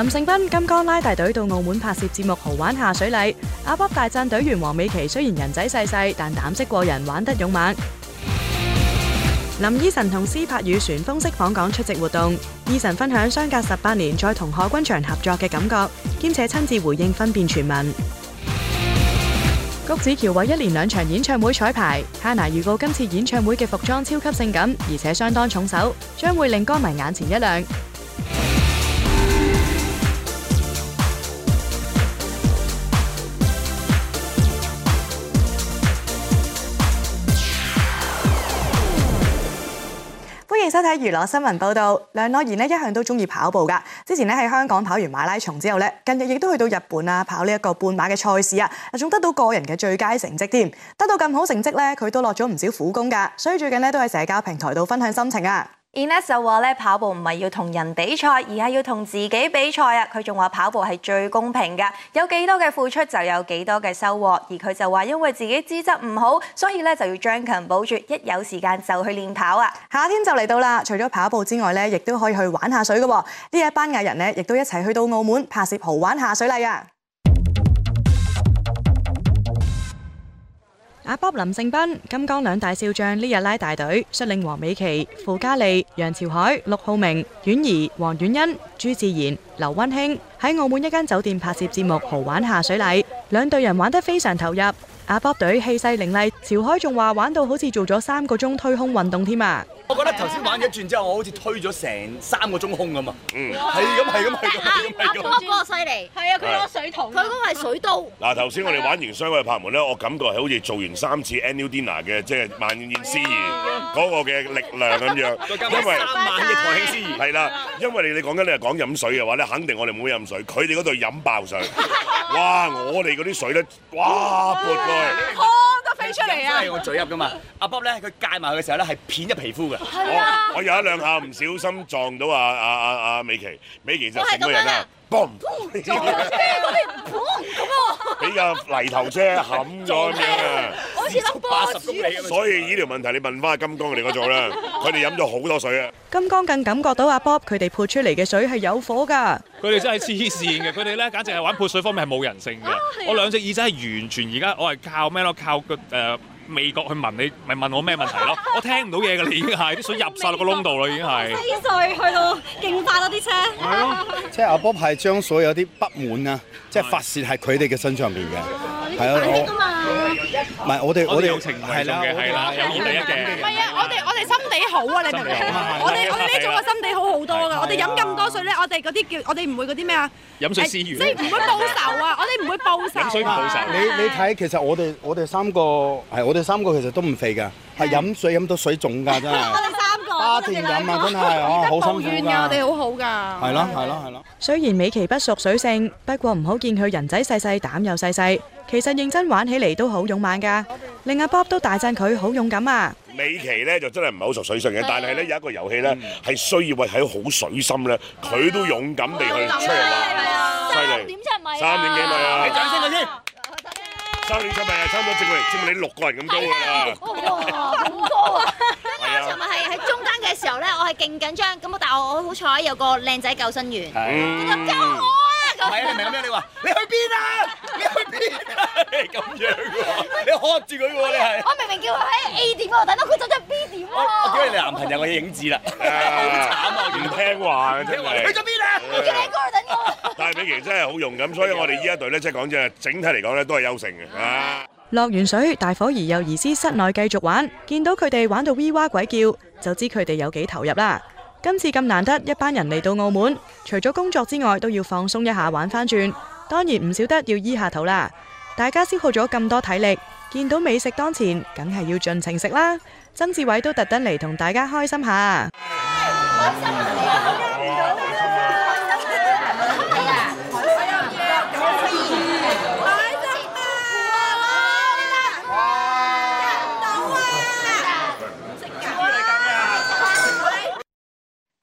林盛斌金剛拉大隊到澳門拍攝節目，豪玩下水禮。阿卜大讚隊員黃美琪，雖然人仔細細，但膽識過人，玩得勇猛。林依晨同斯柏宇旋風式訪港出席活動，依晨分享相隔十八年再同賀軍翔合作嘅感覺，兼且親自回應分辨傳聞。谷子喬為一連兩場演唱會彩排，Hana 預告今次演唱會嘅服裝超級性感，而且相當重手，將會令歌迷眼前一亮。收睇娛樂新聞報道，梁諾言咧一向都中意跑步噶。之前咧喺香港跑完馬拉松之後咧，近日亦都去到日本啊，跑呢一個半馬嘅賽事啊，仲得到個人嘅最佳成績添。得到咁好成績咧，佢都落咗唔少苦功噶，所以最近咧都喺社交平台度分享心情啊。Ines 就話跑步唔係要同人比賽，而係要同自己比賽他，佢仲話跑步係最公平㗎，有幾多嘅付出就有幾多嘅收穫。而佢就話因為自己資質唔好，所以就要將勤補拙，一有時間就去練跑呀。夏天就嚟到喇，除咗跑步之外咧，亦都可以去玩下水噶。呢一班藝人咧，亦都一齊去到澳門拍攝豪玩下水禮呀。阿 Bob 林盛斌、金剛兩大少將呢日拉大隊，率領黃美琪、傅嘉莉、楊潮凱、陸浩明、婉怡、黃婉欣、朱智賢、劉溫馨喺澳門一間酒店拍攝節目，豪玩下水禮，兩隊人玩得非常投入。阿 Bob 隊氣勢凌厲，潮凱仲話玩到好似做咗三個鐘推胸運動添啊！我覺得頭先玩咗轉之後，我好似推咗成三個鐘空咁啊！係咁，係咁，係咁，係咁。阿 Bob 個個犀利，係啊！佢攞水桶，佢嗰個係水刀。嗱，頭先我哋玩完雙位拍門咧，我感覺係好似做完三次 annual dinner 嘅即係萬逸斯儀嗰個嘅力量咁樣。因為萬逸台斯儀係啦，因為你你講緊你係講飲水嘅話咧，你肯定我哋唔會飲水。佢哋嗰度飲爆水，哇！我哋嗰啲水咧，哇潑開，湯都飛出嚟啊！係，我嘴入噶嘛，阿 Bob 咧，佢戒埋佢嘅時候咧，係片入皮膚嘅。我啊！我有一兩下唔小心撞到阿阿阿阿美琪，美琪就閃咗人啦！Boom！就車嗰啲 b o 俾個泥頭車冚咗咁樣啊！ 好似八十公里，所以依條問題你問翻阿金剛嚟個做啦，佢哋飲咗好多水啊！金剛更感覺到阿、啊、Bob 佢哋潑出嚟嘅水係有火㗎！佢哋真係黐線嘅，佢哋咧簡直係玩潑水方面係冇人性嘅、啊。我兩隻耳仔係完全而家我係靠咩咯？靠個誒。美國去問你，咪問我咩問題咯？ 我聽唔到嘢㗎，你已經係啲水入晒落個窿度啦，已經係飛水去到勁快咯啲車。係咯，即係阿波派將所有啲不滿啊。即、就、係、是、發泄喺佢哋嘅身上邊嘅，係啊！啊嘛，唔係我哋我哋係啦，係啦，心地嘅。唔係啊！我哋、啊、我哋心地好啊！你明唔明？我哋我哋做嘅心地好好多噶。我哋飲咁多水咧，我哋嗰啲叫我哋唔會嗰啲咩啊？飲水思源。所以唔會報仇啊！我哋唔會報仇、啊。水、啊、你你睇其實我哋我哋三個係我哋三個其實都唔肥㗎，係飲水飲到水腫㗎真係。 八段兩萬關卡啊，好辛苦噶，我哋好好噶。係咯，係咯，係咯。雖然美琪不熟水性，不過唔好見佢人仔細細，膽又細細，其實認真玩起嚟都好勇猛噶。另外阿 Bob 都大讚佢好勇敢啊。美琪咧就真係唔係好熟水性嘅，但係咧有一個遊戲咧係需要位喺好水深咧，佢都勇敢地去 challenge，犀利。三點七米啊！三點幾米啊！你掌聲佢先。三點七米啊，差唔多接住嚟，接住你六個人咁高噶啦。哇，好高啊！係啊，係啊，係中。嘅時候咧，我係勁緊張咁，但係我好彩有個靚仔救生員嚟救我啊！係啊，你明唔明咩？你話你去邊啊？你去邊啊？係咁樣嘅，你喝住佢喎，你係我明明叫佢喺 A 點等，但係佢走咗 B 點喎。我見你男朋友嘅影子啦，咁慘啊！唔聽話，聽話。去咗邊啊？等我，等我。但係美琪真係好勇敢，所以我哋依一隊咧，即係講真，整體嚟講咧都係優勝嘅。落完水，大伙兒又移師室內繼續玩，見到佢哋玩到咿哇鬼叫，就知佢哋有幾投入啦。今次咁難得，一班人嚟到澳門，除咗工作之外，都要放鬆一下，玩翻轉。當然唔少得要醫下肚啦。大家消耗咗咁多體力，見到美食當前，梗係要盡情食啦。曾志偉都特登嚟同大家開心下。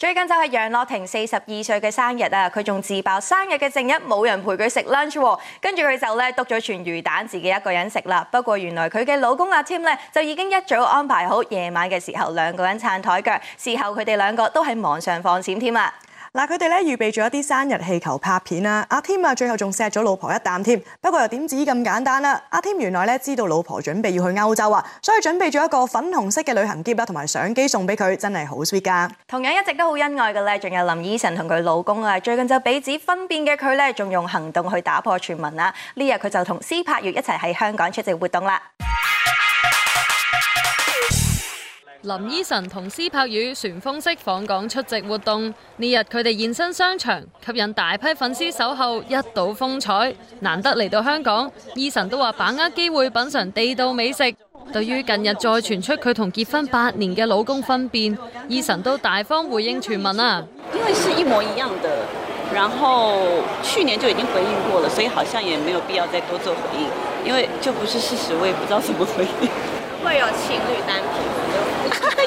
最近就係楊樂廷四十二歲嘅生日啊！佢仲自爆生日嘅正一冇人陪佢食 lunch 喎，跟住佢就咧篤咗全魚蛋自己一個人食啦。不過原來佢嘅老公阿添咧，就已經一早安排好夜晚嘅時候兩個人撐枱腳，事後佢哋兩個都喺網上放閃添啦。嗱，佢哋咧預備咗一啲生日氣球拍片啦，阿添啊，最後仲錫咗老婆一啖添。不過又點止咁簡單啦，阿添原來咧知道老婆準備要去歐洲啊，所以準備咗一個粉紅色嘅旅行喼啦，同埋相機送俾佢，真係好 sweet 噶。同樣一直都好恩愛嘅咧，仲有林依晨同佢老公啊，最近就被指婚變嘅佢咧，仲用行動去打破傳聞啦。呢日佢就同施柏月一齊喺香港出席活動啦。林依晨同施柏宇旋風式訪港出席活動，呢日佢哋現身商場，吸引大批粉絲守候一睹風采。難得嚟到香港，依晨都話把握機會品嘗地道美食。對於近日再傳出佢同結婚八年嘅老公婚變，依晨都大方回應傳聞啊。因為是一模一樣的，然後去年就已經回應過了，所以好像也沒有必要再多做回應，因為就不是事實，我也不知道怎麼回應。會有情侶單品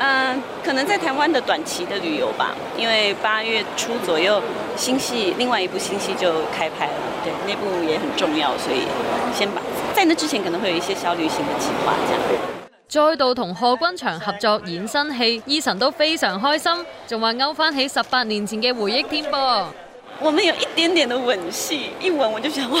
嗯、呃，可能在台灣的短期的旅遊吧，因為八月初左右，新戲另外一部新戲就開拍了，對，那部也很重要，所以先把在那之前可能會有一些小旅行的計劃，這樣。再度同賀軍翔合作演新戲，依晨都非常開心，仲話勾翻起十八年前嘅回憶添噃。我們有一點點的吻戲，一吻我就想，哇！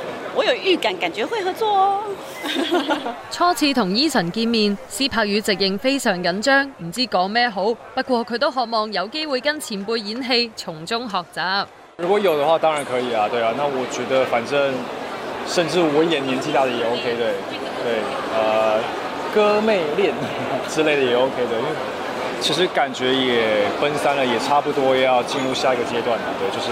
我有預感，感覺會合作哦。 初次同 Eason 見面，施柏宇直認非常緊張，唔知講咩好。不過佢都渴望有機會跟前輩演戲，從中學習。如果有的話，當然可以啊。對啊，那我覺得反正甚至我演年紀大的也 OK，對對，呃，哥妹戀之類的也 OK，對，因為其實感覺也奔三了，也差不多要進入下一個階段啦，對，就是。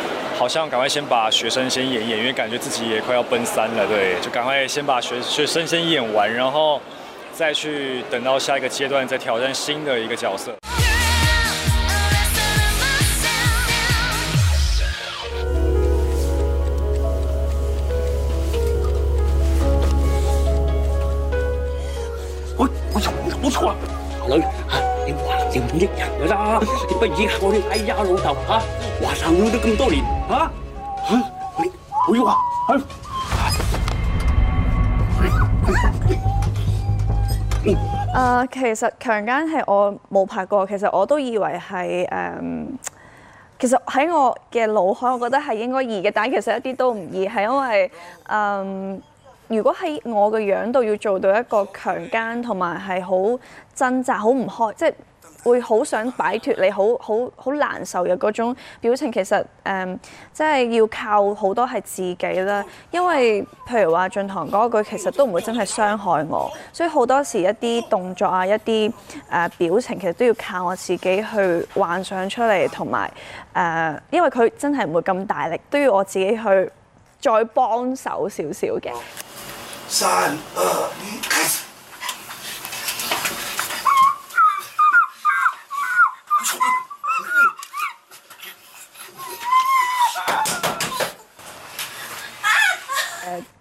好像趕快先把學生先演一演，因為感覺自己也快要奔三了，對，就趕快先把學學生先演完，然後再去等到下一個階段再挑戰新的一個角色。我我操，不錯、啊，好了，你過正人噶啦，你不如我啲矮仔老豆，嚇、啊，話壽都咁多年嚇。嚇、啊啊，你我要啊，嚇、啊。其實強姦係我冇拍過，其實我都以為係誒、嗯，其實喺我嘅腦海，我覺得係應該易嘅，但係其實一啲都唔易，係因為誒、嗯，如果喺我嘅樣度要做到一個強姦同埋係好掙扎、好唔開，即、就、係、是。會好想擺脫你好好好難受嘅嗰種表情，其實誒、嗯，即係要靠好多係自己啦。因為譬如話進堂嗰句，其實都唔會真係傷害我，所以好多時一啲動作啊，一啲誒表情，其實都要靠我自己去幻想出嚟，同埋誒，因為佢真係唔會咁大力，都要我自己去再幫手少少嘅。三二一，開始。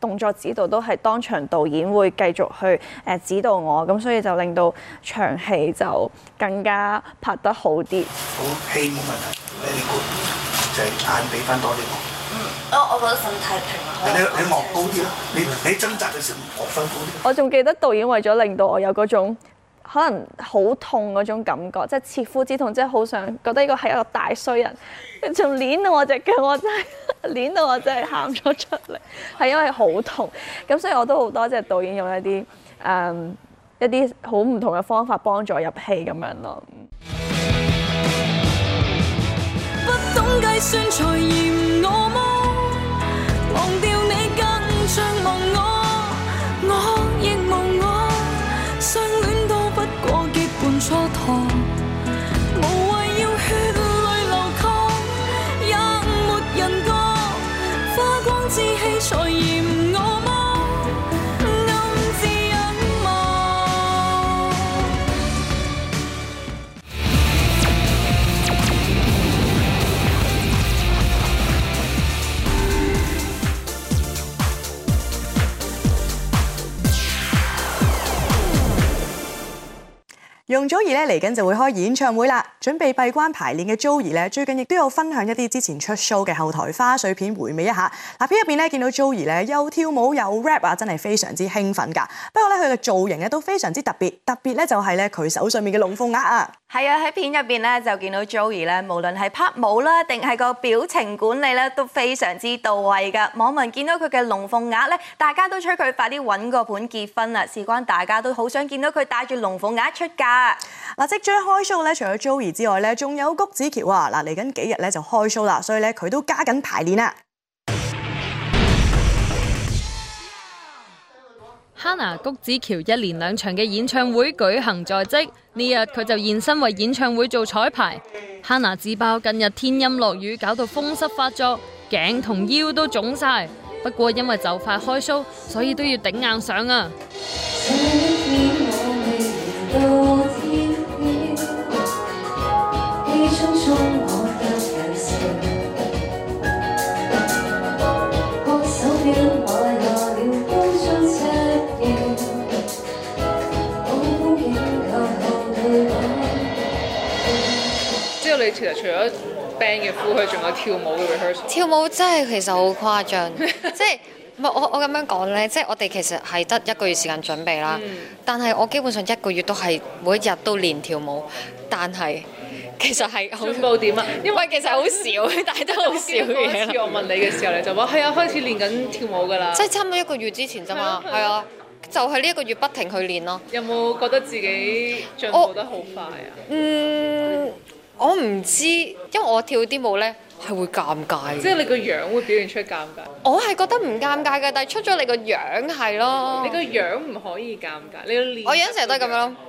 動作指導都係當場導演會繼續去誒指導我，咁所以就令到場戲就更加拍得好啲。好戲冇問題，你個就係、是、眼俾翻多啲光。嗯，我我覺得身太平。你你望高啲啦，你你掙扎嘅時候望翻高啲。我仲記得導演為咗令到我有嗰種。可能好痛嗰種感覺，即係切膚之痛，即係好想覺得呢個係一個大衰人，仲攆到我隻腳，我真係攆到我真係喊咗出嚟，係因為好痛。咁所以我都好多謝導演用一啲誒、嗯、一啲好唔同嘅方法幫助入戲咁樣咯。不懂容祖兒嚟緊就會開演唱會了。準備閉關排練嘅 Joey 咧，最近亦都有分享一啲之前出 show 嘅後台花絮片，回味一下。嗱，片入邊咧見到 Joey 咧，又跳舞又 rap 啊，真係非常之興奮噶。不過咧，佢嘅造型咧都非常之特別，特別咧就係咧佢手上面嘅龍鳳鈪啊。係啊，喺片入邊咧就見到 Joey 咧，無論係拍舞啦，定係個表情管理咧都非常之到位噶。網民見到佢嘅龍鳳鈪咧，大家都催佢快啲揾個伴結婚啦，事關大家都好想見到佢帶住龍鳳鈪出嫁。嗱，即將開 show 咧，除咗 Joey 之外咧，仲有谷子喬啊！嗱，嚟緊幾日咧就開 show 啦，所以咧佢都加緊排練啦。Hannah 谷子喬一連兩場嘅演唱會舉行在即，呢日佢就現身為演唱會做彩排。Hannah 自爆近日天陰落雨，搞到風濕發作，頸同腰都腫晒，不過因為就快開 show，所以都要頂硬上啊！ 其實除咗 band 嘅 full 佢仲有跳舞嘅 r e 跳舞真係其實好誇張，即係唔係我我咁樣講咧，即係我哋其實係得一個月時間準備啦。嗯、但係我基本上一個月都係每一日都練跳舞，但係其實係恐怖點啊？因為，因為其實好少， 但係都好少嘢。幾我問你嘅時候，你就話係 啊，開始練緊跳舞㗎啦。即係差唔多一個月之前啫嘛。係啊，啊，啊，就係呢一個月不停去練咯、嗯。有冇覺得自己進步得好快啊？嗯。我唔知，因為我跳啲舞呢係會尷尬的。即係你個樣會表現出尷尬。我係覺得唔尷尬嘅，但係出咗你個樣係咯。你個樣唔可以尷尬，你要練。我樣成日都係咁樣。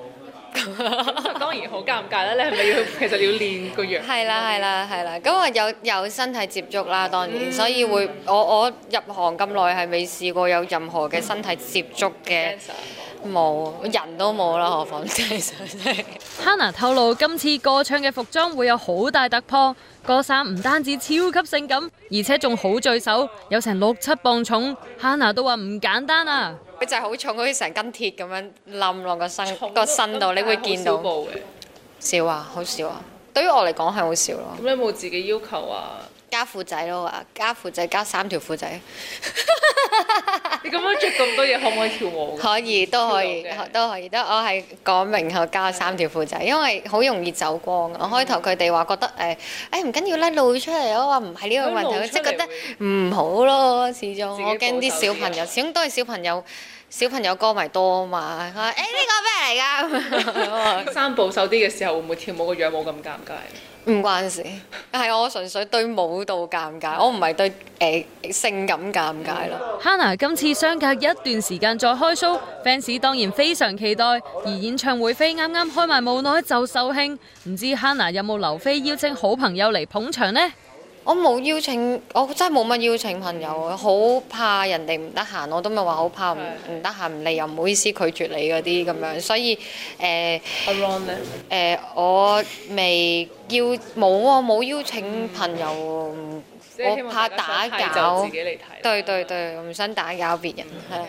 當然好尷尬啦！你係咪要其實要練個樣？係啦係啦係啦。咁我有有身體接觸啦，當然、嗯，所以會我我入行咁耐係未試過有任何嘅身體接觸嘅。嗯嗯。冇，人都冇啦，何 況 細細細。Hanna 透露今次歌唱嘅服裝會有好大突破，歌衫唔單止超級性感，而且仲好聚首，有成六七磅重。Hanna 都話唔簡單啊！佢就係好重，好似成根鐵咁樣冧落個身個身度，你會見到。少啊，好少啊，對於我嚟講係好少咯。咁你有冇自己要求啊？加褲仔咯，話加褲仔加三條褲仔。 你咁樣着咁多嘢， 可唔可以跳舞？可以，都可以， 都可以。都可以我係講明後加三條褲仔，因為好容易走光。嗯、我開頭佢哋話覺得誒，誒唔緊要啦，露出嚟啊！我話唔係呢個問題，即係覺得唔好咯。始終我驚啲小朋友，始終都係小朋友，小朋友歌迷多嘛。誒呢個咩嚟㗎？哎、 三保守啲嘅時候會唔會跳舞個樣冇咁尷尬？唔關事，係我純粹對舞蹈尷尬，我唔係對、呃、性感尷尬咯。Hana 今次相隔一段時間再開 show，Fans 當然非常期待，而演唱會飛啱啱開埋冇耐就售罄。唔知 Hana 有冇留飛邀請好朋友嚟捧場呢？我冇邀請，我真係冇乜邀請朋友，好怕人哋唔得閒，我都咪話好怕唔唔得閒唔嚟又唔好意思拒絕你嗰啲咁樣，所以誒誒、呃呃，我未邀冇啊，冇邀請朋友，嗯、我怕打攪，自己嚟睇，對對對，唔想打攪別人，係、嗯。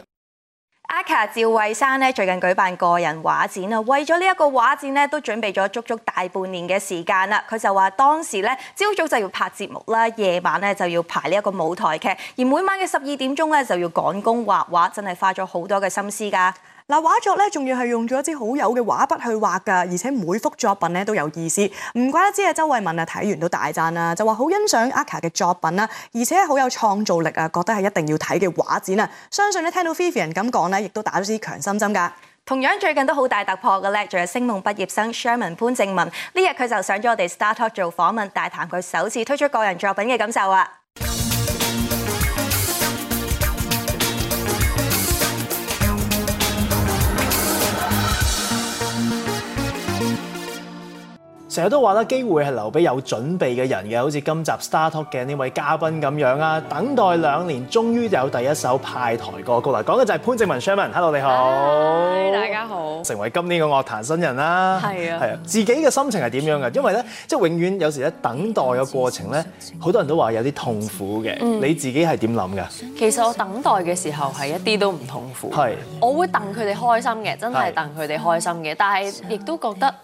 阿 Ka 趙慧珊咧最近舉辦個人畫展啦，為咗呢一個畫展咧，都準備咗足足大半年嘅時間啦。佢就話當時咧朝早就要拍節目啦，夜晚咧就要排呢一個舞台劇，而每晚嘅十二點鐘咧就要趕工畫畫，真係花咗好多嘅心思噶。嗱，畫作咧仲要係用咗一支好友嘅畫筆去畫噶，而且每幅作品咧都有意思，唔怪得之係周慧敏啊睇完都大讚啦，就話好欣賞 Aka 嘅作品啦，而且好有創造力啊，覺得係一定要睇嘅畫展啊，相信咧聽到 Vivian 人咁講咧，亦都打咗支強心針噶。同樣最近都好大突破嘅咧，仲有聲夢畢業生 Sherman 潘靜文，呢日佢就上咗我哋 Star Talk 做訪問，大談佢首次推出個人作品嘅感受啊。成日都話咧，機會係留俾有準備嘅人嘅，好似今集 Star Talk 嘅呢位嘉賓咁樣啊，等待兩年，終於有第一首派台歌曲啦！講嘅就係潘靜文 Sherman，Hello 你好，Hi，大家好，成為今年嘅樂壇新人啦，係啊，係啊，自己嘅心情係點樣㗎？因為咧，即係永遠有時咧，等待嘅過程咧，好多人都話有啲痛苦嘅、嗯，你自己係點諗㗎？其實我等待嘅時候係一啲都唔痛苦，係，我會等佢哋開心嘅，真係等佢哋開心嘅，但係亦都覺得。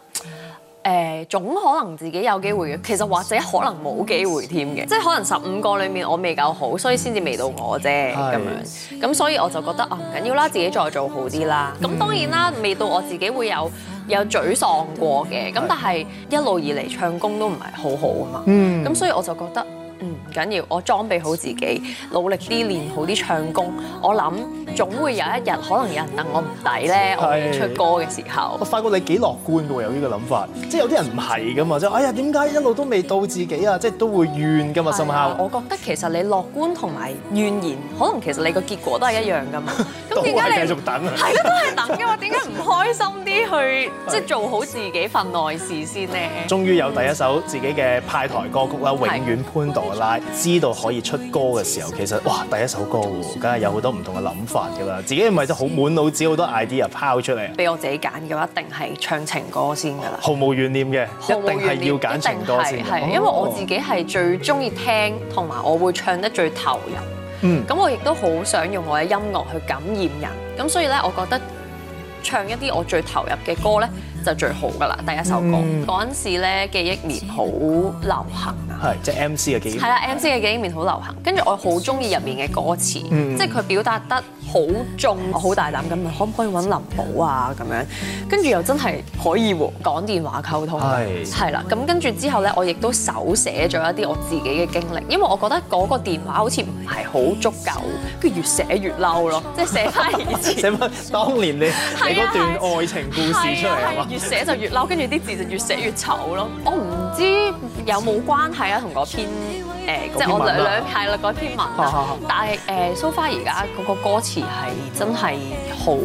誒總可能自己有機會嘅，其實或者可能冇機會添嘅，即係可能十五個裏面我未夠好，所以先至未到我啫咁樣。咁所以我就覺得啊唔緊要啦，自己再做好啲啦。咁、嗯、當然啦，未到我自己會有有沮喪過嘅。咁但係一路以嚟唱功都唔係好好啊嘛。咁所以我就覺得。唔緊要，我裝備好自己，努力啲練好啲唱功。我諗總會有一日，可能有人等我唔抵咧，我出歌嘅時候。我發覺你幾樂觀嘅喎，有呢個諗法。即係有啲人唔係噶嘛，就哎呀點解一路都未到自己啊？即係都會怨噶嘛，心口、啊。我覺得其實你樂觀同埋怨言，可能其實你個結果都係一樣噶嘛。都係，咁點解你繼續等啊？係啊，都係等噶嘛。點解唔開心啲去即係做好自己份內事先呢？終於有第一首自己嘅派台歌曲啦！永遠潘島。知道可以出歌嘅時候，其實哇，第一首歌梗係有好多唔同嘅諗法㗎啦，自己唔係真係好滿腦子好多 idea 拋出嚟。俾我自己揀嘅話，一定係唱情歌先㗎啦，毫無懸念嘅，一定係要揀情歌先，因為我自己係最鍾意聽，同埋我會唱得最投入。嗯、哦，咁我亦都好想用我嘅音樂去感染人，咁所以呢，我覺得唱一啲我最投入嘅歌呢，就最好噶啦，第一首歌嗰陣、嗯、時咧，記憶面好流行啊，係即係 M C 嘅記憶面係啦，M C 嘅記憶面好流行，跟住我好中意入面嘅歌詞，即係佢表達得好重，我好大膽咁問，可唔可以揾林寶啊咁樣？跟住又真係可以喎，講電話溝通係係啦，咁跟住之後咧，我亦都手寫咗一啲我自己嘅經歷，因為我覺得嗰個電話好似唔係好足夠，跟住越寫越嬲咯，即係寫翻以前，寫返當年你你嗰段愛情故事出嚟嘛～越寫就越嬲，跟住啲字就越寫越醜咯。我唔知有冇關係啊，同嗰篇誒，即係我兩兩係啦，嗰篇文，是那篇文但係誒 Sophia 而家嗰個歌詞係真係好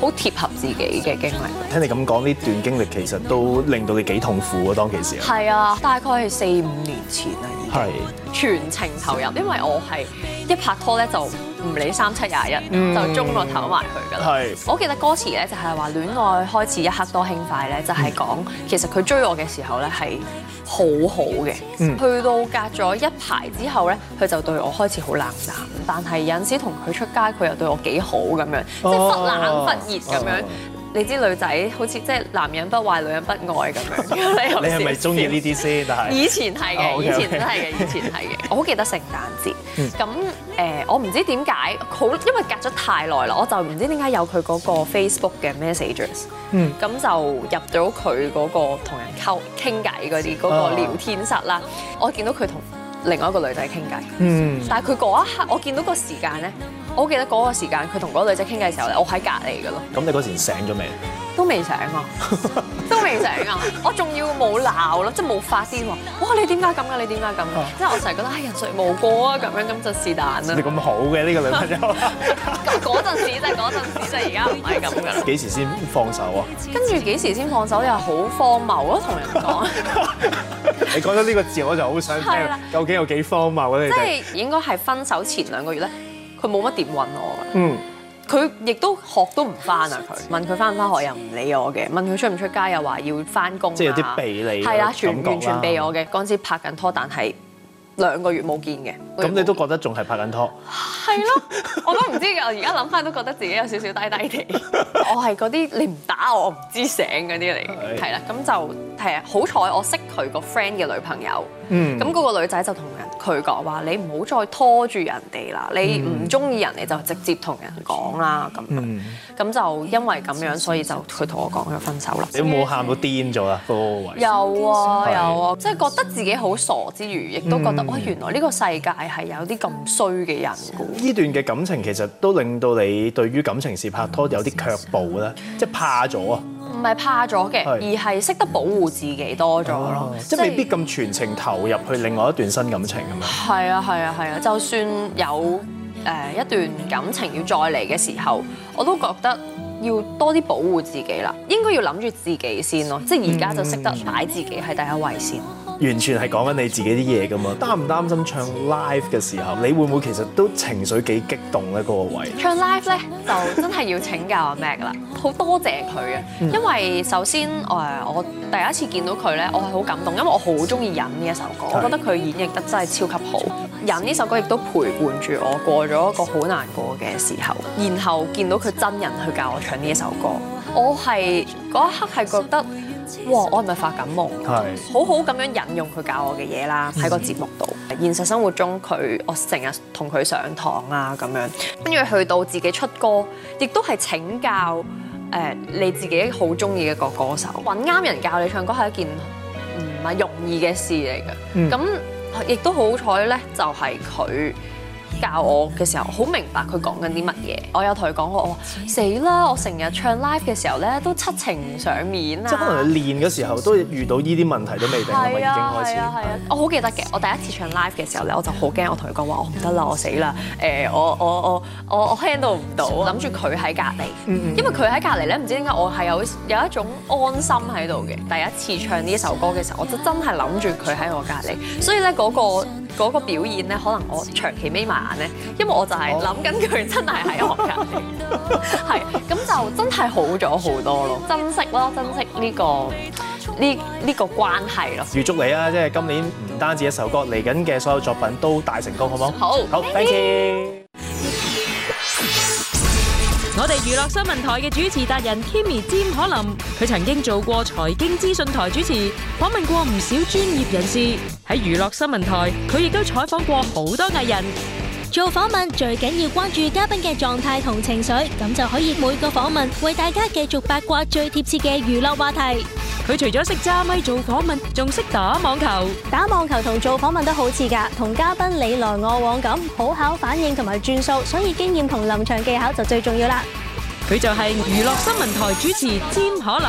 好貼合自己嘅經歷。聽你咁講呢段經歷，其實都令到你幾痛苦啊！當其時係啊，大概係四五年前啦，已經全程投入，因為我係一拍拖咧就。唔理三七廿一，嗯、就中個頭埋佢噶啦。我記得歌詞咧，就係話戀愛開始一刻多輕快咧，就係講其實佢追我嘅時候咧係好好嘅，去到隔咗一排之後咧，佢就對我開始好冷淡。但係有時同佢出街，佢又對我幾好咁樣，即係忽冷忽熱咁樣、哦。哦哦哦哦。你知女仔好似即係，男人不壞女人不愛咁樣， 你係咪中意呢啲先？但係以前係嘅，以前真係嘅，以前係嘅。是是 我好記得聖誕節，咁 誒，我唔知點解，好因為隔咗太耐啦，我就唔知點解有佢嗰個 Facebook 嘅 messages，咁就入咗佢嗰個同人溝傾偈嗰啲嗰個聊天室啦。 我見到佢同。另外一個女仔傾偈，嗯、但係佢嗰一刻，我見到個時間咧，我記得嗰個時間，佢同嗰個女仔傾偈嘅時候咧，我喺隔離㗎咯。咁你嗰時醒咗未？都未醒啊！都未醒啊！我仲要冇鬧咯，即係冇發癲喎！哇！你點解咁噶？你點解咁噶？即、啊、為我成日覺得唉、哎、人誰無過啊咁樣咁就是但啦。你咁好嘅呢、呢個女朋友，嗰 陣 時，時就嗰陣時就而家唔係咁噶。幾時先放手啊？跟住幾時先放手你又好荒謬咯，同人講。你講咗呢個字，我就好想聽究竟有幾荒謬咧、就是？即係應該係分手前兩個月咧，佢冇乜點揾我噶。嗯。佢亦都學都唔翻啊！佢問佢翻唔翻學，又唔理我嘅，問佢出唔出街，又話要翻工。即係有啲避你。係啦，全完全避我嘅。嗰陣時拍緊拖，但係兩個月冇見嘅。咁你都覺得仲係拍緊拖？係 咯，我都唔知嘅。而家諗翻都覺得自己有少少低低地。 我係嗰啲你唔打我唔知醒嗰啲嚟嘅。係啦，咁就誒好彩我識佢個 friend 嘅女朋友。咁、嗯、嗰個女仔就同人。佢講話：你唔好再拖住人哋啦，你唔中意人、嗯、你就直接同人講啦。咁、嗯、咁就因為咁樣，所以就佢同我講咗分手啦。你有冇喊到癲咗啊？有啊有啊，即、就、係、是、覺得自己好傻之餘，亦都覺得哇、嗯哎！原來呢個世界係有啲咁衰嘅人。呢段嘅感情其實都令到你對於感情事拍拖有啲卻步啦，即、就、係、是、怕咗啊！唔係怕咗嘅，而係識得保護自己多咗咯、就係，即、就、係、係、未必咁全程投入去另外一段新感情咁啊！係啊，係啊，係啊！就算有誒一段感情要再嚟嘅時候，我都覺得要多啲保護自己啦，應該要諗住自己先咯，即係而家就識得擺自己喺第一位先、嗯。完全係講緊你自己啲嘢噶嘛？擔唔擔心唱 live 嘅時候，你會唔會其實都情緒幾激動咧？嗰個位唱 live 咧， 就真係要請教阿 Mac 啦，好多謝佢啊！因為首先誒，我第一次見到佢咧，我係好感動，因為我好中意「忍」呢一首歌，我覺得佢演繹得真係超級好。「忍」呢首歌亦都陪伴住我過咗一個好難過嘅時候，然後見到佢真人去教我唱呢一首歌，我係嗰一刻係覺得。哇！我係咪發緊夢？係好好咁樣引用佢教我嘅嘢啦，喺個節目度、嗯。現實生活中，佢我成日同佢上堂啊咁樣，跟住去到自己出歌，亦都係請教誒你自己好中意嘅一個歌手，揾啱人教你唱歌係一件唔係容易嘅事嚟嘅。咁、嗯、亦都好彩咧，就係佢。教我嘅時候好明白佢講緊啲乜嘢，我有同佢講過，我死啦！我成日唱 live 嘅時候咧都七情唔上面啊。即可能你練嘅時候都遇到呢啲問題都未定，咪已經開始。了了了我好記得嘅，我第一次唱 live 嘅時候咧，我就好驚，我同佢講話，我唔得啦，我死啦！誒，我我我我我 handle 唔到，諗住佢喺隔離、嗯，因為佢喺隔離咧，唔知點解我係有有一種安心喺度嘅。第一次唱呢首歌嘅時候，我就真係諗住佢喺我隔離，所以咧、那、嗰個。嗰個表演咧，可能我長期眯埋眼咧，因為我就係諗緊佢真係係學界，係 咁就真係好咗好多咯，珍惜咯，珍惜呢個呢呢個關係咯。預祝你啊！即係今年唔單止一首歌，嚟緊嘅所有作品都大成功，好冇？好，好，thank you。我哋娛樂新聞台嘅主持達人 Kimi 詹可林，佢曾經做過財經資訊台主持，訪問過唔少專業人士。喺娛樂新聞台，佢亦都採訪過好多藝人。做訪問最緊要關注嘉賓嘅狀態同情緒，咁就可以每個訪問為大家繼續八卦最貼切嘅娛樂話題。佢除咗識揸咪做訪問，仲識打網球。打網球同做訪問都好似㗎，同嘉賓你來我往咁，好考反應同埋轉數，所以經驗同臨場技巧就最重要啦。佢就係娛樂新聞台主持詹可林。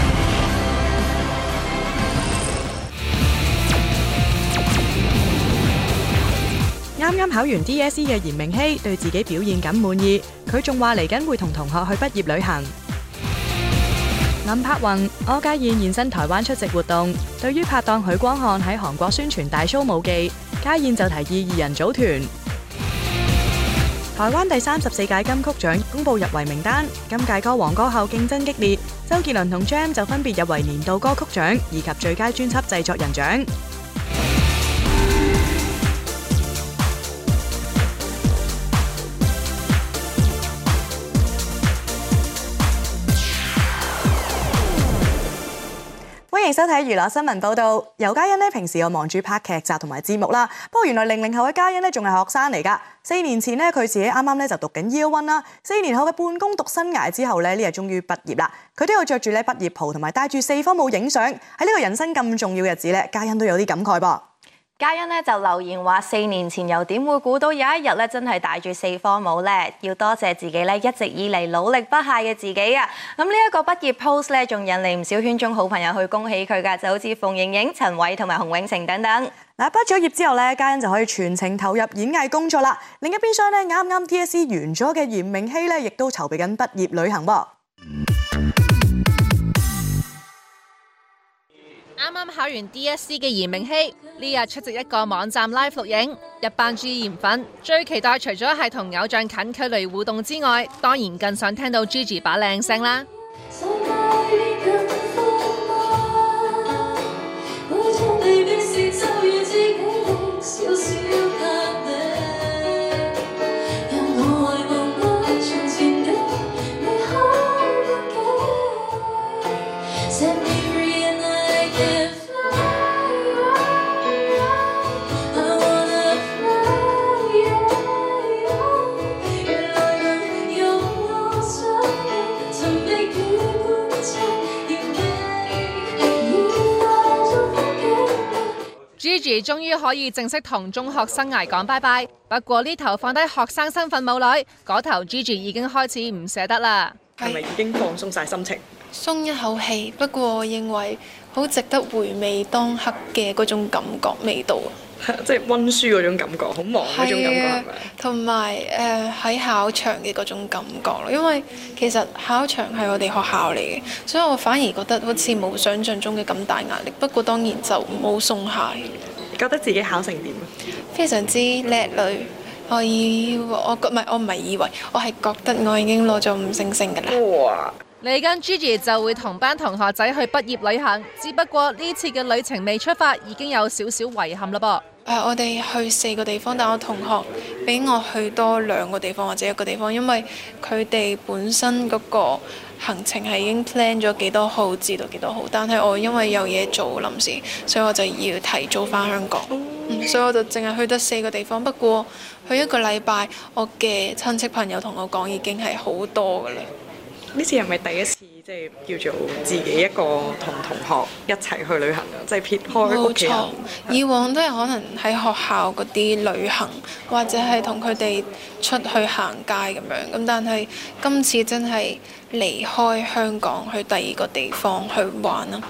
啱啱考完 DSE 嘅嚴明熙對自己表現感滿意，佢仲話嚟緊會同同學去畢業旅行。林柏宏、柯佳嬿現身台灣出席活動，對於拍檔許光漢喺韓國宣傳大騷舞技，佳嬿就提議二人組團。台灣第三十四屆金曲獎公布入圍名單，今屆歌王歌后競爭激烈，周杰倫同 Jam 就分別入圍年度歌曲獎以及最佳專輯製作人獎。歡迎收睇娛樂新聞報道。尤嘉欣平時又忙住拍劇集同埋節目啦。不過原來零零後嘅嘉欣咧，仲係學生嚟㗎。四年前咧，佢自己啱啱就讀緊 U1 啦。四年後嘅半工讀生涯之後咧，呢日終於畢業啦。佢都有着住畢業袍，同埋戴住四方帽影相。喺呢個人生咁重要嘅日子，嘉欣都有啲感慨噃。嘉欣咧就留言話：四年前又點會估到有一日咧真係帶住四方帽呢？要多謝自己咧一直以嚟努力不懈嘅自己啊！咁呢一個畢業 post 咧，仲引嚟唔少圈中好朋友去恭喜佢噶，就好似馮盈盈、陳偉同埋洪永城等等。嗱，畢咗業之後咧，嘉欣就可以全情投入演藝工作啦。另一邊廂咧，啱啱 T S C 完咗嘅嚴明熙咧，亦都籌備緊畢業旅行。啱啱考完 DSE 嘅炎明熹，呢日出席一個網站 live 錄影，入班注意炎粉，最期待除咗係同偶像近距離互動之外，當然更想聽到 Gigi 把靚聲啦。終於可以正式同中學生涯講拜拜。不過呢頭放低學生身份冇耐，嗰頭 Gigi 已經開始唔捨得啦。係咪已經放鬆晒心情？鬆一口氣，不過我認為好值得回味當刻嘅嗰種感覺味道。即係溫書嗰種感覺，好忙嗰種感覺係咪？同埋誒喺考場嘅嗰種感覺，因為其實考場係我哋學校嚟嘅，所以我反而覺得好似冇想象中嘅咁大壓力。不過當然就冇鬆懈。覺得自己考成點？非常之叻女，我以我唔係我唔係以為，我係覺得我已經攞咗五星星㗎啦。你跟 Gigi 就會同班同學仔去畢業旅行，只不過呢次嘅旅程未出發，已經有少少遺憾啦噃、啊。我哋去四個地方，但我同學比我去多兩個地方或者一個地方，因為佢哋本身嗰、那個。行程係已經 plan 咗幾多號，至到幾多號，但係我因為有嘢做，臨時，所以我就要提早返香港，Oh. 所以我就淨係去得四個地方。不過去一個禮拜，我嘅親戚朋友同我講已經係好多㗎啦。呢次係咪第一次？即係叫做自己一個同同學一齊去旅行啊！即係撇開屋企人。冇錯，以往都係可能喺學校嗰啲旅行，或者係同佢哋出去行街咁樣。咁但係今次真係離開香港去第二個地方去玩啊！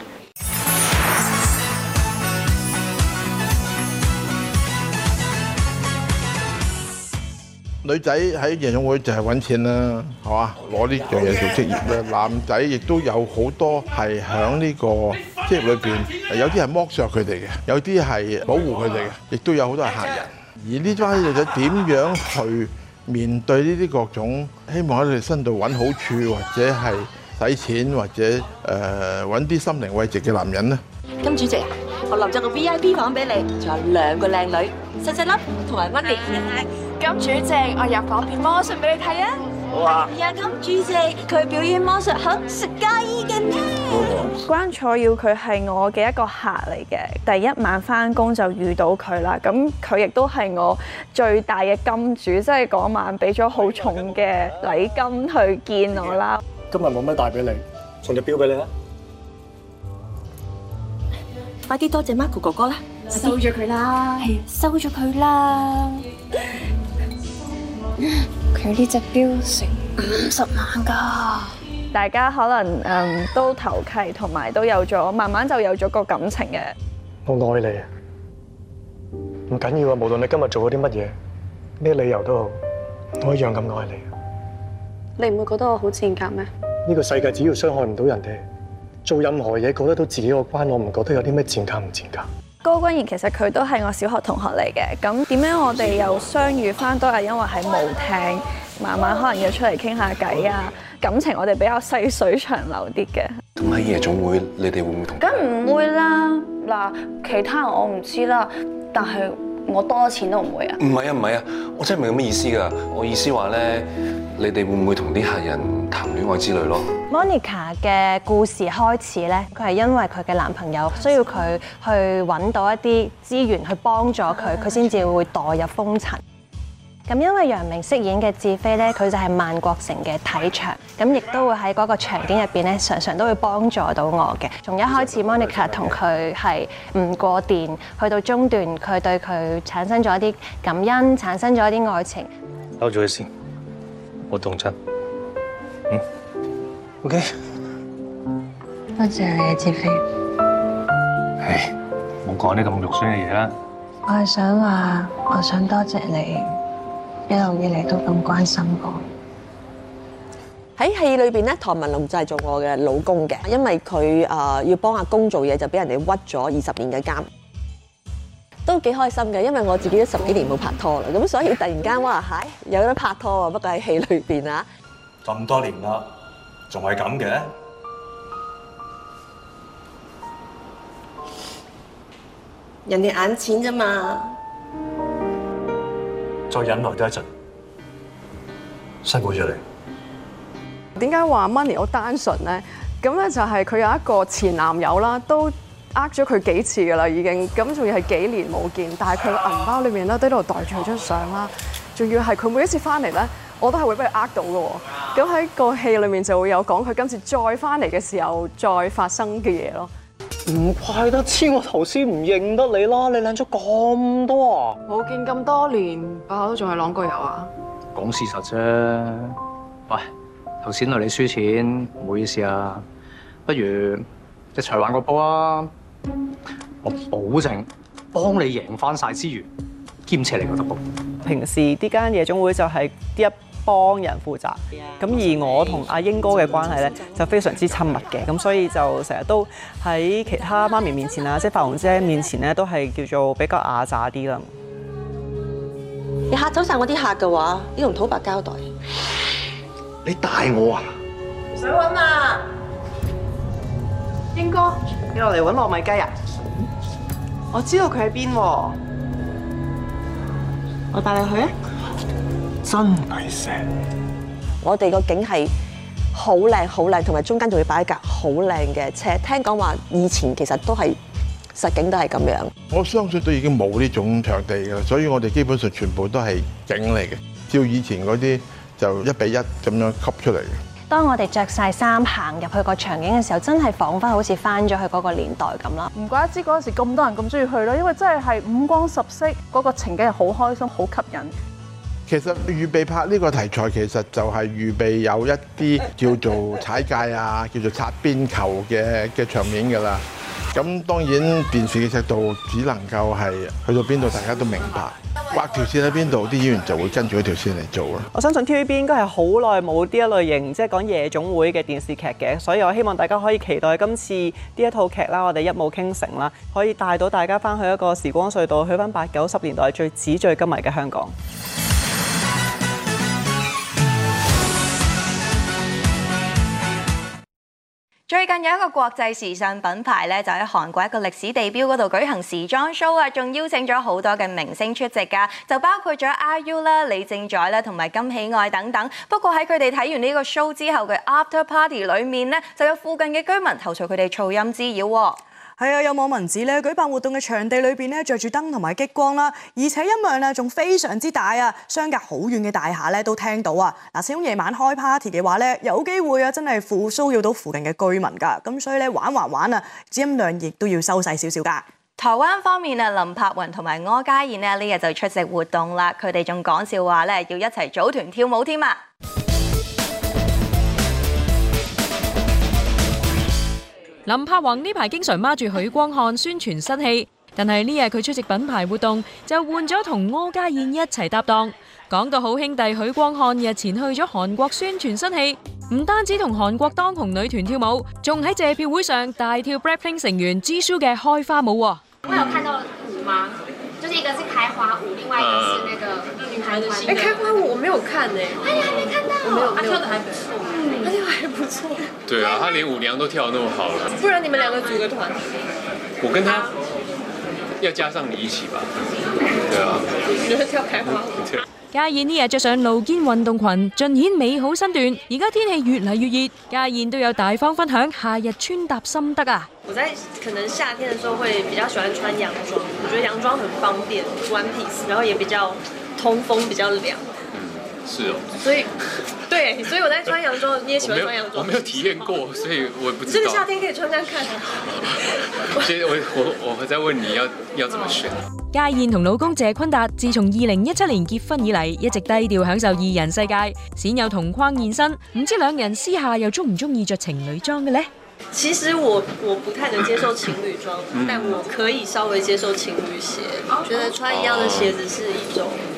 女仔喺夜總會就係揾錢啦，係嘛？攞呢樣嘢做職業咧。男仔亦都有好多係響呢個職業裏邊，有啲係剝削佢哋嘅，有啲係保護佢哋嘅，亦都有好多係客人。而呢班女仔點樣去面對呢啲各種希望喺你哋身度揾好處，或者係使錢，或者誒揾啲心靈慰藉嘅男人咧？金主席，我留咗個 VIP 房俾你，仲有兩個靚女，細細粒同埋媽咪。金主席，我入房變魔術俾你睇啊！哇！呀，金主席，佢表演魔術好食雞嘅咩？關楚耀佢係我嘅一個客嚟嘅，第一晚翻工就遇到佢啦。咁佢亦都係我最大嘅金主，即係嗰晚俾咗好重嘅禮金去見我啦。今日冇乜帶俾你，送隻表俾你啦！快啲多謝 Marco 哥哥啦，收咗佢啦，係收咗佢啦。佢呢隻標成五十萬噶，大家可能嗯都投契，同埋都有咗，慢慢就有咗個感情嘅。我愛你，唔緊要啊！無論你今日做咗啲乜嘢，咩理由都好，我一樣咁愛你。你唔會覺得我好賤格咩？呢個世界只要傷害唔到人哋，做任何嘢過得到自己個關，我唔覺得有啲咩賤格唔賤格。高君然其實佢都係我小學同學嚟嘅。咁點樣我哋又相遇翻都係因為喺舞廳，慢慢可能約出嚟傾下偈啊，感情我哋比較細水長流啲嘅。咁喺夜總會你哋會唔會同？咁唔會啦，嗱其他人我唔知啦，但係我多錢都唔會不是啊。唔係啊唔係啊，我真係唔明咩意思㗎，我意思話咧，你哋會唔會同啲客人？談戀愛之類咯。Monica 嘅故事開始咧，佢係因為佢嘅男朋友需要佢去揾到一啲資源去幫助佢，佢先至會墮入風塵。咁因為楊明飾演嘅志飛咧，佢就係萬國城嘅睇場，咁亦都會喺嗰個場景入邊咧，常常都會幫助到我嘅。從一開始 Monica 同佢係唔過電，去到中段佢對佢產生咗一啲感恩，產生咗一啲愛情。收住佢先，我凍親。嗯，OK，多謝你啊，志飛，唉，冇講啲咁肉酸嘅嘢啦。我係想話，我想多謝你，一路以嚟都咁關心我。喺戲裏邊咧，唐文龍就係做我嘅老公嘅，因為佢誒要幫阿公做嘢，就俾人哋屈咗二十年嘅監，都幾開心嘅，因為我自己都十幾年冇拍拖啦，咁所以突然間哇，唉，有得拍拖啊，不過喺戲裏邊啊。咁多年啦，仲係咁嘅，人哋眼淺啫嘛。再忍耐多一陣，辛苦著你。點解話 Money 好單純咧？咁咧就係、是、佢有一個前男友啦，都呃咗佢幾次噶啦，已經。咁仲要係幾年冇見，但係佢銀包裡面咧，都喺度袋住佢張相啦。仲要係佢每一次翻嚟咧。我都係會俾佢呃到嘅，咁喺個戲裏面就會有講佢今次再翻嚟嘅時候再發生嘅嘢咯。唔怪得我頭先唔認得你啦，你靚咗咁多啊！冇見咁多年，佢都仲係朗句油啊！講事實啫。喂，頭先害你輸錢，唔好意思啊。不如一齊玩個波啊！我保證幫你贏翻晒之餘，兼且你個特步。平時呢間夜總會就係一。幫人負責，咁而我同阿英哥嘅關係咧就非常之親密嘅，咁所以就成日都喺其他媽咪面前啊，即發廊姐面前咧都係叫做比較壓榨啲啦。你嚇走曬我啲客嘅話，要同土伯交代。你帶我啊！唔想揾啊！英哥，你落嚟揾糯米雞啊！我知道佢喺邊喎，我帶你去啊！真係醒，我哋個景係好靚，好靚，同埋中間仲要擺一架好靚嘅車。聽講話以前其實都係實景，都係咁樣。我相信都已經冇呢種場地嘅，所以我哋基本上全部都係景嚟嘅。照以前嗰啲就一比一咁樣吸出嚟嘅。當我哋着晒衫行入去個場景嘅時候，真係仿佛好似返咗去嗰個年代咁啦。唔怪之嗰時咁多人咁中意去咯，因為真係係五光十色，嗰、那個情景係好開心，好吸引。其實預備拍呢個題材，其實就係預備有一啲叫做踩界啊，叫做擦邊球嘅嘅場面㗎啦。咁當然電視嘅尺度只能夠係去到邊度，大家都明白畫條線喺邊度，啲演員就會跟住嗰條線嚟做啦。我相信 TVB 應該係好耐冇呢一類型，即係講夜總會嘅電視劇嘅，所以我希望大家可以期待今次呢一套劇啦，我哋一舞傾城啦，可以帶到大家翻去一個時光隧道，去翻八九十年代最紙醉金迷嘅香港。最近有一個國際時尚品牌呢，就喺韓國一個歷史地標嗰度舉行時裝 show 啊，仲邀請咗好多嘅明星出席㗎，就包括咗 IU 啦、李正宰啦、同埋金喜愛等等。不過喺佢哋睇完呢個 show 之後嘅 after party 裏面呢，就有附近嘅居民投訴佢哋噪音滋擾。係啊！有網民指咧舉辦活動嘅場地裏邊咧，著住燈同埋激光啦，而且音量咧仲非常之大啊，相隔好遠嘅大廈咧都聽到啊。嗱，如果夜晚開 party 嘅話咧，有機會啊，真係附騷擾到附近嘅居民噶。咁所以咧玩玩玩啊，音量亦都要收細少少噶。台灣方面啊，林柏雲同埋柯佳嬿咧呢日就出席活動啦。佢哋仲講笑話咧，要一齊組團跳舞添啊！林柏宏呢排經常孖住許光漢宣傳新戲，但係呢日佢出席品牌活動就換咗同柯佳嬿一齊搭檔。講到好兄弟許光漢日前去咗韓國宣傳新戲，唔單止同韓國當紅女團跳舞，仲喺謝票會上大跳 BLACKPINK 成員 Jisoo 嘅開花舞。我有看到舞嗎？就是一個是開花舞，另外一個是那個女孩的。哎、啊，開花舞我沒有看呢？哎呀，還沒看到、哦。我沒有，沒有。啊他、嗯、又還不錯。對啊，他連舞娘都跳得那麼好了。不然你們兩個組個團。我跟他要加上你一起吧。對啊。你會跳開花。嘉燕呢日着上露肩運動裙，盡顯美好身段。而家天氣越嚟越熱，嘉燕都有大方分享夏日穿搭心得啊。我在可能夏天的時候會比較喜歡穿洋裝，我覺得洋裝很方便，one piece，然後也比較通風，比較涼。是哦，所以，對，所以我在穿洋裝，你也喜歡穿洋裝？我沒有，我沒有體驗過， 所以我也不知道。這個夏天可以穿穿看。其 我我我我在問你要要怎麼選。佳嬿同老公謝坤達自從二零一七年結婚以嚟，一直低調享受二人世界，鮮有同框現身。唔知兩人私下又鍾唔鍾意着情侶裝嘅呢？其實我我不太能接受情侶裝，嗯，但我可以稍微接受情侶鞋，嗯、覺得穿一樣的鞋子是一種。哦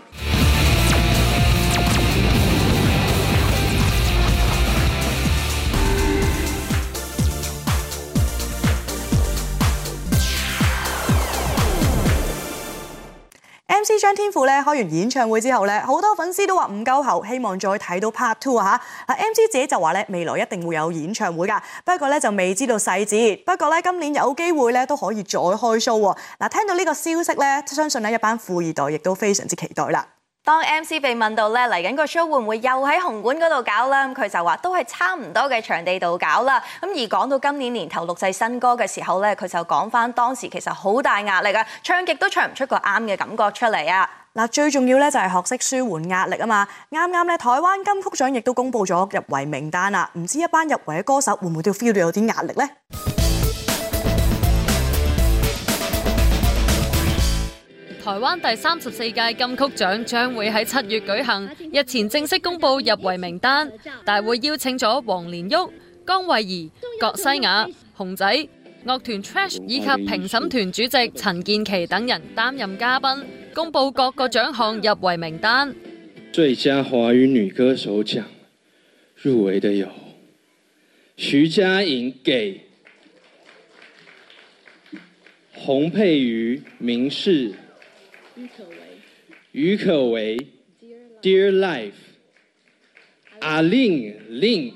M C 張天賦咧開完演唱會之後咧，好多粉絲都話唔夠喉，希望再睇到 Part Two 吓，M C 自己就話咧，未來一定會有演唱會㗎，不過咧就未知道細節。不過咧今年有機會咧都可以再開 show 嗱，聽到呢個消息咧，相信咧一班富二代亦都非常之期待啦。當 M C 被問到咧嚟緊個 show 會唔會又喺紅館嗰度搞啦，佢就話都係差唔多嘅場地度搞啦。咁而講到今年年頭錄製新歌嘅時候咧，佢就講翻當時其實好大壓力啊，唱極都唱唔出個啱嘅感覺出嚟啊。嗱，最重要咧就係學識舒緩壓力啊嘛。啱啱咧台灣金曲獎亦都公布咗入圍名單啦，唔知一班入圍嘅歌手會唔會都 feel 到有啲壓力咧？台灣第三十四屆金曲獎將會喺七月舉行，日前正式公布入圍名單。大會邀請咗黃連煜、江惠儀、郭西雅、熊仔、樂團 Trash 以及評審團主席陳建騏等人擔任嘉賓，公布各個獎項入圍名單。最佳華語女歌手獎入圍的有徐佳瑩、給洪佩瑜、明世。郁可唯，Dear Life，阿 l i n 林 Link，A-lien.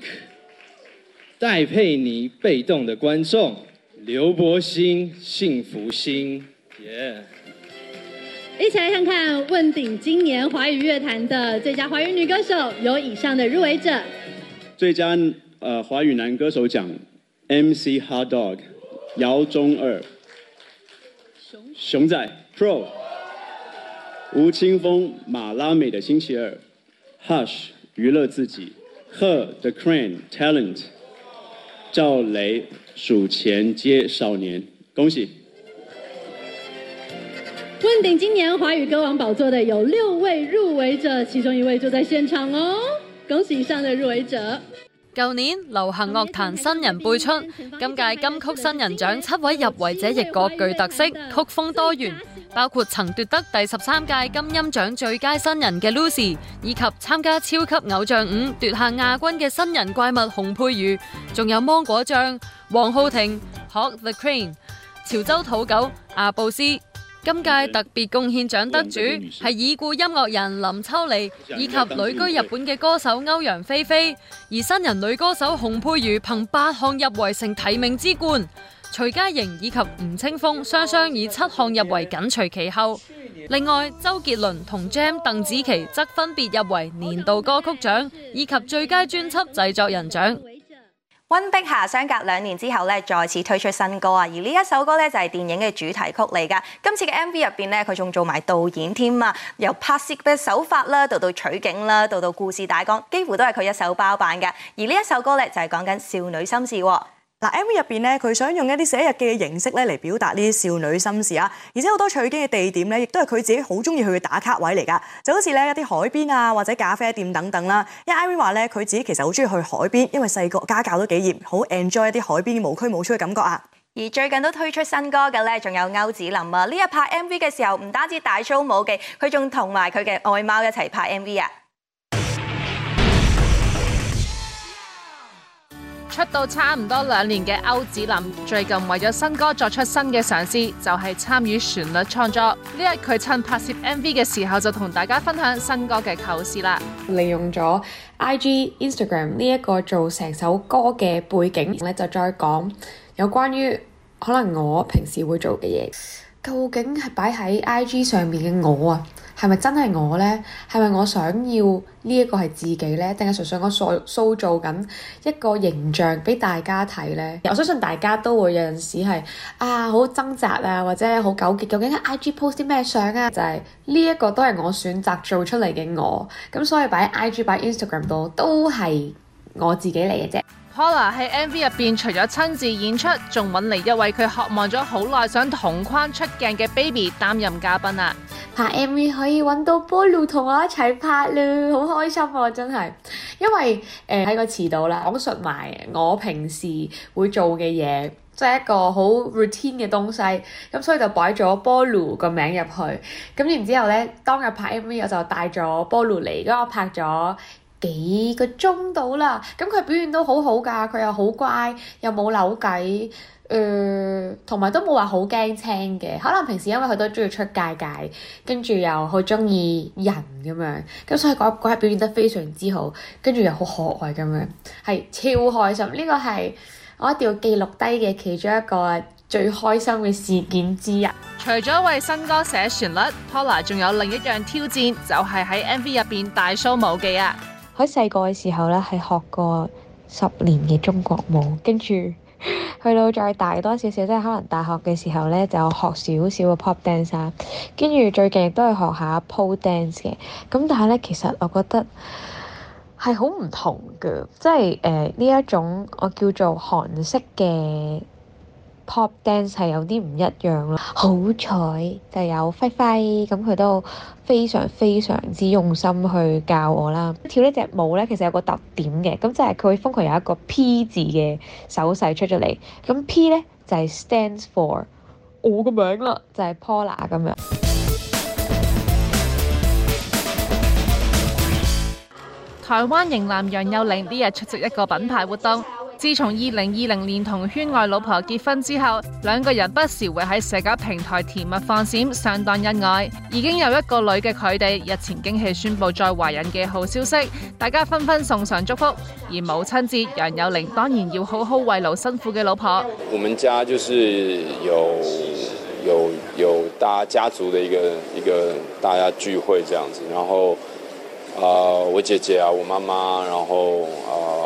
戴佩妮被動的觀眾，A-lien. 劉柏辛幸福星，yeah. 一起來看看問鼎今年華語樂壇的最佳華語女歌手，有以上的入圍者。最佳呃華語男歌手獎，MC Hot Dog，姚中二，熊熊仔 Pro。吳青峰、馬拉美的星期二，Hush 娛樂自己，賀 the Crane Talent，趙雷署前街少年，恭喜！問鼎今年華語歌王寶座的有六位入圍者，其中一位就在現場哦，恭喜以上的入圍者。舊年流行樂壇新人輩出，今屆金曲新人獎七位入圍者亦各具特色，曲風多元，包括曾奪得第十三屆金音獎最佳新人嘅 Lucy，以及參加超級偶像五奪下亞軍嘅新人怪物洪佩瑜，仲有芒果醬、黃浩庭、Hawk the Crane、潮州土狗、阿布斯。今屆特別貢獻獎得主，係已故音樂人林秋離，以及旅居日本嘅歌手歐陽菲菲，而新人女歌手 洪佩瑜憑八項入圍成提名之冠。徐佳瑩以及吳青峰，雙雙以七項入圍緊隨其後。另外，周杰倫同 Jam 鄧紫棋則分別入圍年度歌曲獎，以及最佳專輯製作人獎。 溫碧霞，相隔兩年之後咧，再次推出新歌啊！而呢一首歌咧，就係電影嘅主題曲嚟㗎。今次嘅 MV 入面咧，佢仲做埋導演添，由拍攝嘅手法啦，到到取景啦，到到故事大綱，幾乎都係佢一手包辦嘅。而呢一首歌咧，就係講緊少女心事喎。嗱 MV 入邊咧，佢想用一啲寫日記嘅形式咧嚟表達呢啲少女心事啊，而且好多取景嘅地點咧，亦都係佢自己好中意去打卡位嚟噶，就好似咧一啲海邊啊或者咖啡店等等啦。因為 Ivy 話咧，佢自己其實好中意去海邊，因為細個家教都幾嚴，好 enjoy 一啲海邊無拘無束嘅感覺啊。而最近都推出新歌嘅咧，仲有歐子林啊，呢一日拍 MV 嘅時候，唔單止大 show 舞技，佢仲同埋佢嘅愛貓一齊拍 MV 啊。出道差唔多兩年嘅歐子林，最近為咗新歌作出新嘅嘗試，就係參與旋律創作。呢日，佢趁拍攝 MV 嘅時候，就同大家分享新歌嘅構思啦。利用咗 IG Instagram 呢一個做成首歌嘅背景，咧就再講有關於可能我平時會做嘅嘢，究竟係擺喺 IG 上面嘅我啊？係咪真係我呢？係咪我想要呢一個係自己呢？定係純粹我塑塑造緊一個形象俾大家睇呢？我相信大家都會有陣時係啊好掙扎啊，或者好糾結，究竟係 I G post 啲咩相啊？就係呢一個都係我選擇做出嚟嘅我，咁所以擺 I G 擺 Instagram 度都係我自己嚟嘅啫。Paula 喺 MV 入邊除咗親自演出，仲揾嚟一位佢渴望咗好耐想同框出鏡嘅 Baby 擔任嘉賓啦、啊。拍 MV 可以揾到 Paula 同我一齊拍咯，好開心啊！真係，因爲誒喺個詞度啦，講述埋我平時會做嘅嘢，即係一個好 routine 嘅東西，咁、就是、所以就擺咗 Paula 個名入去。咁然之後咧，當日拍 MV 我就帶咗 Paula 嚟，咁我拍咗幾個鐘到啦，咁佢表現都好好㗎，佢又好乖，又冇扭計，誒、呃，同埋都冇話好驚青嘅。可能平時因為佢都中意出街街，跟住又好中意人咁樣，咁所以嗰日表現得非常之好，跟住又好可愛咁樣，係超開心。呢、這個係我一定要記錄低嘅其中一個最開心嘅事件之一。除咗為新歌寫旋律，Tola 仲有另一樣挑戰，就係、是、喺 MV 入邊大 show 舞技啊！喺細個嘅時候咧，係學過十年嘅中國舞，跟住去到再大多少少，即係可能大學嘅時候咧，就學少少嘅 pop dance，跟住最近亦都係學下 pole dance 嘅。咁但係咧，其實我覺得係好唔同嘅，即係誒呢一種我叫做韓式嘅。Pop Dance 係有啲唔一樣咯，好彩 就有輝輝，輝，咁佢都非常非常之用心去教我啦。跳呢隻舞呢，其實有個特點嘅，咁就係佢會瘋狂有一個 P 字嘅手勢出咗嚟，咁 P 呢，就係、是、stands for 我個名啦，就係、是、Pola 咁樣。台灣型男楊佑寧呢日出席一個品牌活動。自從二零二零年同圈外老婆結婚之後，兩個人不時會喺社交平台甜蜜放閃，相當恩愛。已經有一個女嘅佢哋日前驚喜宣布再懷孕嘅好消息，大家紛紛送上祝福。而母親節，楊友玲當然要好好慰勞辛苦嘅老婆。我們家就是有有有大家族的一個一個大家聚會這樣子，然後啊、呃，我姐姐啊，我媽媽，然後啊。呃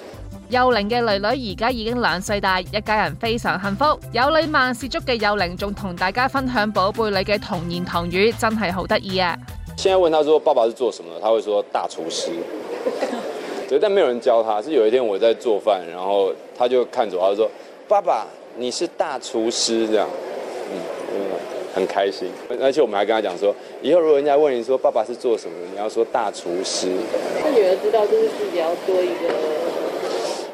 幼齡嘅女女而家已經兩歲大，一家人非常幸福。有女萬事足嘅幼齡仲同大家分享寶貝女嘅童言童語，真係好得意啊！現在問他說爸爸是做什麼，他會說大廚師。 對，但沒有人教他。是有一天我在做飯，然後他就看着我，他說：爸爸，你是大廚師。這樣嗯，嗯，很開心。而且我們還跟他講說，以後如果人家問你說爸爸是做什麼，你要說大廚師。他女兒知道，就是自己要做一個。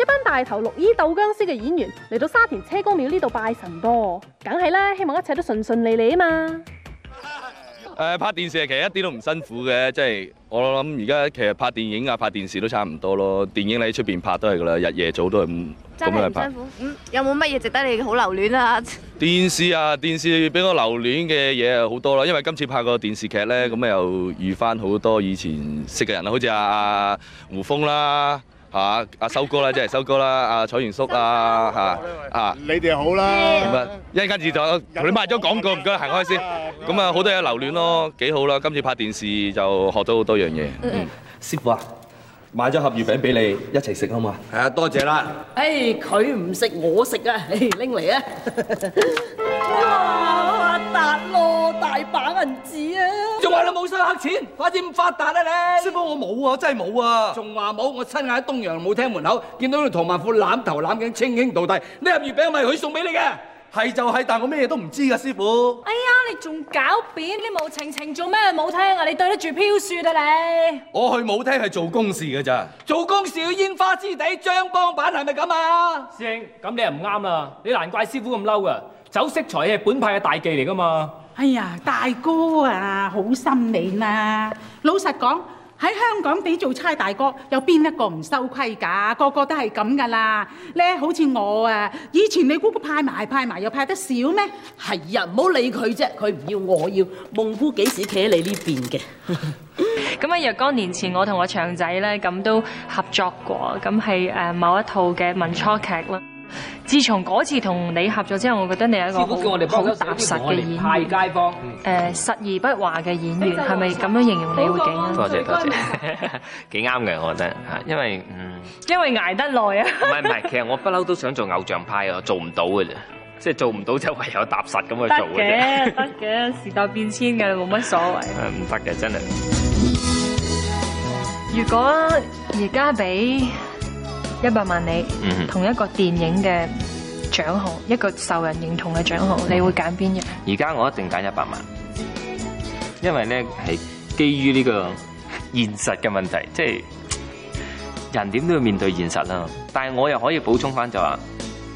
一班大頭綠衣鬥殭屍嘅演員嚟到沙田車公廟呢度拜神多，梗係啦，希望一切都順順利利啊嘛。誒、呃，拍電視其實一啲都唔辛苦嘅，即係我諗而家其實拍電影啊、拍電視都差唔多咯。電影你喺出邊拍都係噶啦，日夜早都係咁咁樣拍。真係唔辛苦。嗯，有冇乜嘢值得你好留戀啊？電視啊，電視畀我留戀嘅嘢好多啦，因為今次拍個電視劇咧，咁又遇翻好多以前識嘅人啦，好似阿胡楓啦。嚇！阿修哥啦，即係修哥啦，阿彩元叔啊，嚇啊！你哋好啦。咁啊，一陣間自助同你賣咗廣告，唔該，行開先。咁啊，好多嘢留戀咯，幾好啦。今次拍電視就學到好多樣嘢。嗯，師傅啊，買咗盒魚餅俾你一齊食好唔好？係啊，多謝啦。誒，佢唔食，我食啊！你拎嚟啊！收黑錢，快啲咁發達啦你！師傅，我冇啊，我真係冇啊！仲話冇？我親眼喺東洋舞廳門口見到你唐萬富攬頭攬頸稱兄道弟。呢盒月餅咪佢送俾你嘅？係就係，但我咩嘢都唔知噶師傅。哎呀，你仲狡辯？你無情情做咩去舞廳啊？你對得住飄雪啊你？我去舞廳係做公事嘅咋？做公事要煙花之地張邦板係咪咁啊？師兄，咁你又唔啱啦！你難怪師傅咁嬲噶，酒色財係本派嘅大忌嚟噶嘛？哎呀，大哥啊，好心你啦！老實講，喺香港地做差大哥，有邊一個唔收規噶？個個都係咁噶啦。咧，好似我啊，以前你估估派埋派埋，又派得少咩？係啊，唔好理佢啫，佢唔要，我要。夢姑幾時企喺你呢邊嘅？咁啊，若干年前我同我長仔咧，咁都合作過，咁係誒某一套嘅民初劇啦。自從嗰次同你合作之後，我覺得你係一個好踏實嘅演員，派街坊，誒、呃，實而不華嘅演員，係咪咁樣形容你的會幾啱？多謝多謝，幾啱嘅我覺得，吓，因為，嗯、因為挨得耐啊。唔係唔係，其實我不嬲都想做偶像派啊，我做唔到嘅啫，即係做唔到就唯有踏實咁去做嘅啫。得嘅，得 嘅，時代變遷嘅，冇乜所謂。係唔得嘅，真係。如果而家比。一百萬你同一個電影嘅獎項，一個受人認同嘅獎項，你會揀邊樣？而家我一定揀一百萬，因為呢係基於呢個現實嘅問題，即係人點都要面對現實啦。但係我又可以補充翻就話，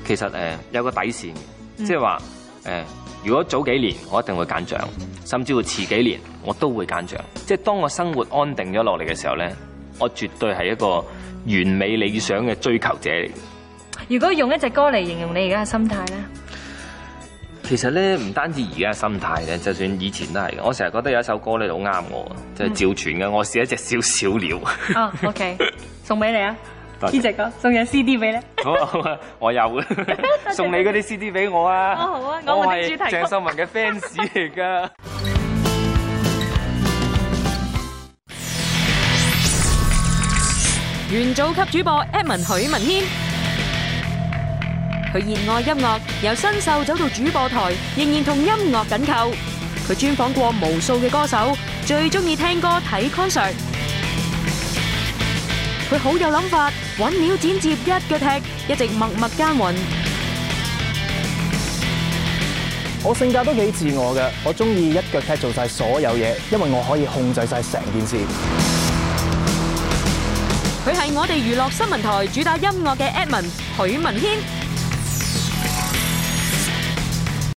其實誒有個底線，嗯、即係話誒如果早幾年我一定會揀獎，甚至乎遲幾年我都會揀獎。即係當我生活安定咗落嚟嘅時候呢。我絕對係一個完美理想嘅追求者嚟。如果用一隻歌嚟形容你而家嘅心態咧？其實咧，唔單止而家嘅心態嘅，就算以前都係。我成日覺得有一首歌咧，好啱我，就係趙傳嘅《嗯、我是一隻小小鳥、oh, okay.》。啊 OK 送俾你啊！呢隻歌，送隻 CD 俾你。好啊好啊，我有嘅， 送你嗰啲 CD 俾我啊、 哦！好啊，我係鄭秀文嘅 fans 嚟噶。元祖級主播 Edmond 許文謙，佢熱愛音樂，由新秀走到主播台，仍然同音樂緊扣。佢專訪過無數嘅歌手，最中意聽歌睇 concert。佢好有諗法，揾料剪接，一腳踢，一直默默耕耘。我性格都幾自我嘅，我中意一腳踢做晒所有嘢，因為我可以控制晒成件事。佢係我哋娛樂新聞台主打音樂嘅阿 n 許文軒。